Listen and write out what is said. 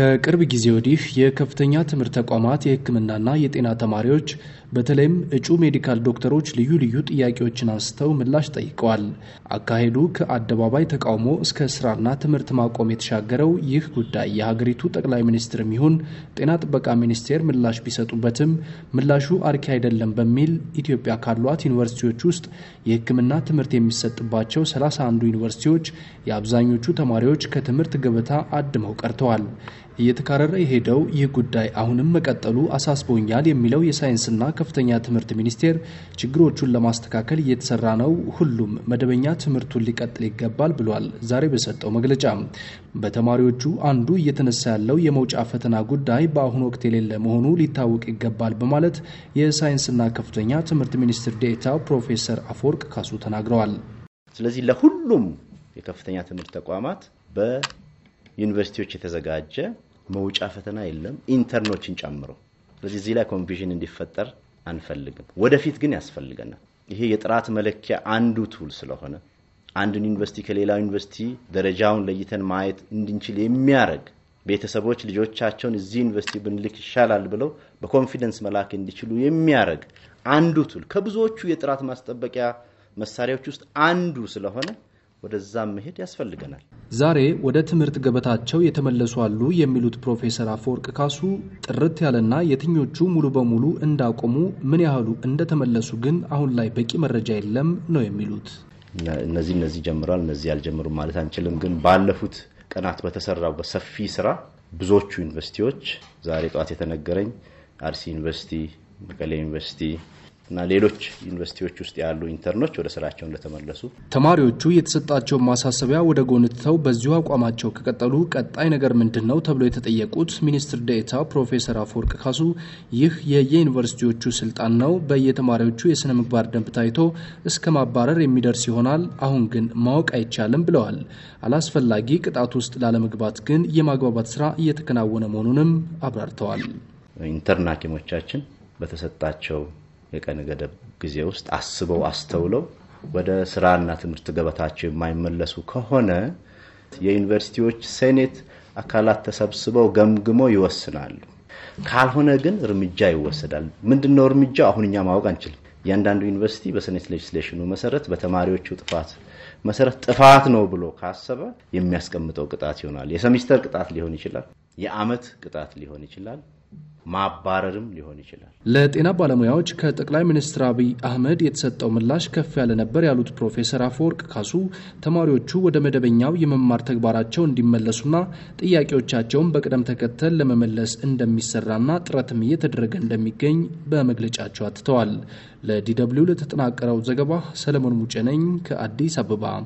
ከቅርብ ጊዜ ወዲህ የከፍተኛ ትምህርት ተቋማት የሕክምናና የጤና ተማሪዎች በተለይም እጩ ሜዲካል ዶክተሮች ልዩ ልዩ ጥያቄዎችን አንስተው ምላሽ ጠይቀዋል። አካሄዱ ከአደባባይ ተቃውሞ እስከ ስራና ትምህርት ማቆም የተሻገረው ይህ ጉዳይ የሀገሪቱ ጠቅላይ ሚኒስትርም ይሁን ጤና ጥበቃ ሚኒስቴር ምላሽ ቢሰጡበትም ምላሹ አርኪ አይደለም በሚል ኢትዮጵያ ካሏት ዩኒቨርሲቲዎች ውስጥ የሕክምና ትምህርት የሚሰጥባቸው ሰላሳ አንዱ ዩኒቨርሲቲዎች የአብዛኞቹ ተማሪዎች ከትምህርት ገበታ አድመው ቀርተዋል። እየተካረረ የሄደው ይህ ጉዳይ አሁንም መቀጠሉ አሳስቦኛል የሚለው የሳይንስና ከፍተኛ ትምህርት ሚኒስቴር ችግሮቹን ለማስተካከል እየተሰራ ነው፣ ሁሉም መደበኛ ትምህርቱን ሊቀጥል ይገባል ብሏል። ዛሬ በሰጠው መግለጫ በተማሪዎቹ አንዱ እየተነሳ ያለው የመውጫ ፈተና ጉዳይ በአሁኑ ወቅት የሌለ መሆኑ ሊታወቅ ይገባል በማለት የሳይንስና ከፍተኛ ትምህርት ሚኒስትር ዴኤታ ፕሮፌሰር አፈወርቅ ካሱ ተናግረዋል። ስለዚህ ለሁሉም የከፍተኛ ትምህርት ተቋማት በዩኒቨርሲቲዎች የተዘጋጀ መውጫ ፈተና የለም፣ ኢንተርኖችን ጨምሮ። ስለዚህ እዚህ ላይ ኮንፊዥን እንዲፈጠር አንፈልግም። ወደፊት ግን ያስፈልገናል። ይሄ የጥራት መለኪያ አንዱ ቱል ስለሆነ አንድን ዩኒቨርሲቲ ከሌላው ዩኒቨርሲቲ ደረጃውን ለይተን ማየት እንድንችል የሚያደርግ ቤተሰቦች ልጆቻቸውን እዚህ ዩኒቨርሲቲ ብንልክ ይሻላል ብለው በኮንፊደንስ መላክ እንዲችሉ የሚያደርግ አንዱ ቱል ከብዙዎቹ የጥራት ማስጠበቂያ መሳሪያዎች ውስጥ አንዱ ስለሆነ ወደዛም መሄድ ያስፈልገናል። ዛሬ ወደ ትምህርት ገበታቸው የተመለሱ አሉ የሚሉት ፕሮፌሰር አፈወርቅ ካሱ ጥርት ያለና የትኞቹ ሙሉ በሙሉ እንዳቆሙ ምን ያህሉ እንደተመለሱ ግን አሁን ላይ በቂ መረጃ የለም ነው የሚሉት። እነዚህ እነዚህ ጀምረዋል፣ እነዚህ ያልጀምሩ ማለት አንችልም። ግን ባለፉት ቀናት በተሰራው በሰፊ ስራ ብዙዎቹ ዩኒቨርሲቲዎች ዛሬ ጠዋት የተነገረኝ አርሲ ዩኒቨርሲቲ፣ መቀሌ ዩኒቨርሲቲ እና ሌሎች ዩኒቨርሲቲዎች ውስጥ ያሉ ኢንተርኖች ወደ ስራቸው እንደተመለሱ ተማሪዎቹ የተሰጣቸውን ማሳሰቢያ ወደ ጎን ትተው በዚሁ አቋማቸው ከቀጠሉ ቀጣይ ነገር ምንድን ነው ተብሎ የተጠየቁት ሚኒስትር ዴኤታ ፕሮፌሰር አፈወርቅ ካሱ ይህ የየዩኒቨርሲቲዎቹ ስልጣን ነው፣ በየተማሪዎቹ የስነ ምግባር ደንብ ታይቶ እስከ ማባረር የሚደርስ ይሆናል። አሁን ግን ማወቅ አይቻልም ብለዋል። አላስፈላጊ ቅጣት ውስጥ ላለመግባት ግን የማግባባት ስራ እየተከናወነ መሆኑንም አብራርተዋል። ኢንተርን ሐኪሞቻችን በተሰጣቸው የቀን ገደብ ጊዜ ውስጥ አስበው አስተውለው ወደ ስራና ትምህርት ገበታቸው የማይመለሱ ከሆነ የዩኒቨርሲቲዎች ሴኔት አካላት ተሰብስበው ገምግመው ይወስናሉ። ካልሆነ ግን እርምጃ ይወሰዳል። ምንድነው እርምጃው? አሁን እኛ ማወቅ አንችልም። እያንዳንዱ ዩኒቨርሲቲ በሴኔት ሌጅስሌሽኑ መሰረት በተማሪዎቹ ጥፋት መሰረት ጥፋት ነው ብሎ ካሰበ የሚያስቀምጠው ቅጣት ይሆናል። የሰሚስተር ቅጣት ሊሆን ይችላል። የአመት ቅጣት ሊሆን ይችላል። ማባረርም ሊሆን ይችላል። ለጤና ባለሙያዎች ከጠቅላይ ሚኒስትር አብይ አህመድ የተሰጠው ምላሽ ከፍ ያለ ነበር ያሉት ፕሮፌሰር አፈወርቅ ካሱ ተማሪዎቹ ወደ መደበኛው የመማር ተግባራቸው እንዲመለሱና ጥያቄዎቻቸውን በቅደም ተከተል ለመመለስ እንደሚሰራና ጥረትም እየተደረገ እንደሚገኝ በመግለጫቸው አትተዋል። ለዲ ለተጠናቀረው ዘገባ ሰለሞን ሙጬ ነኝ ከአዲስ አበባ።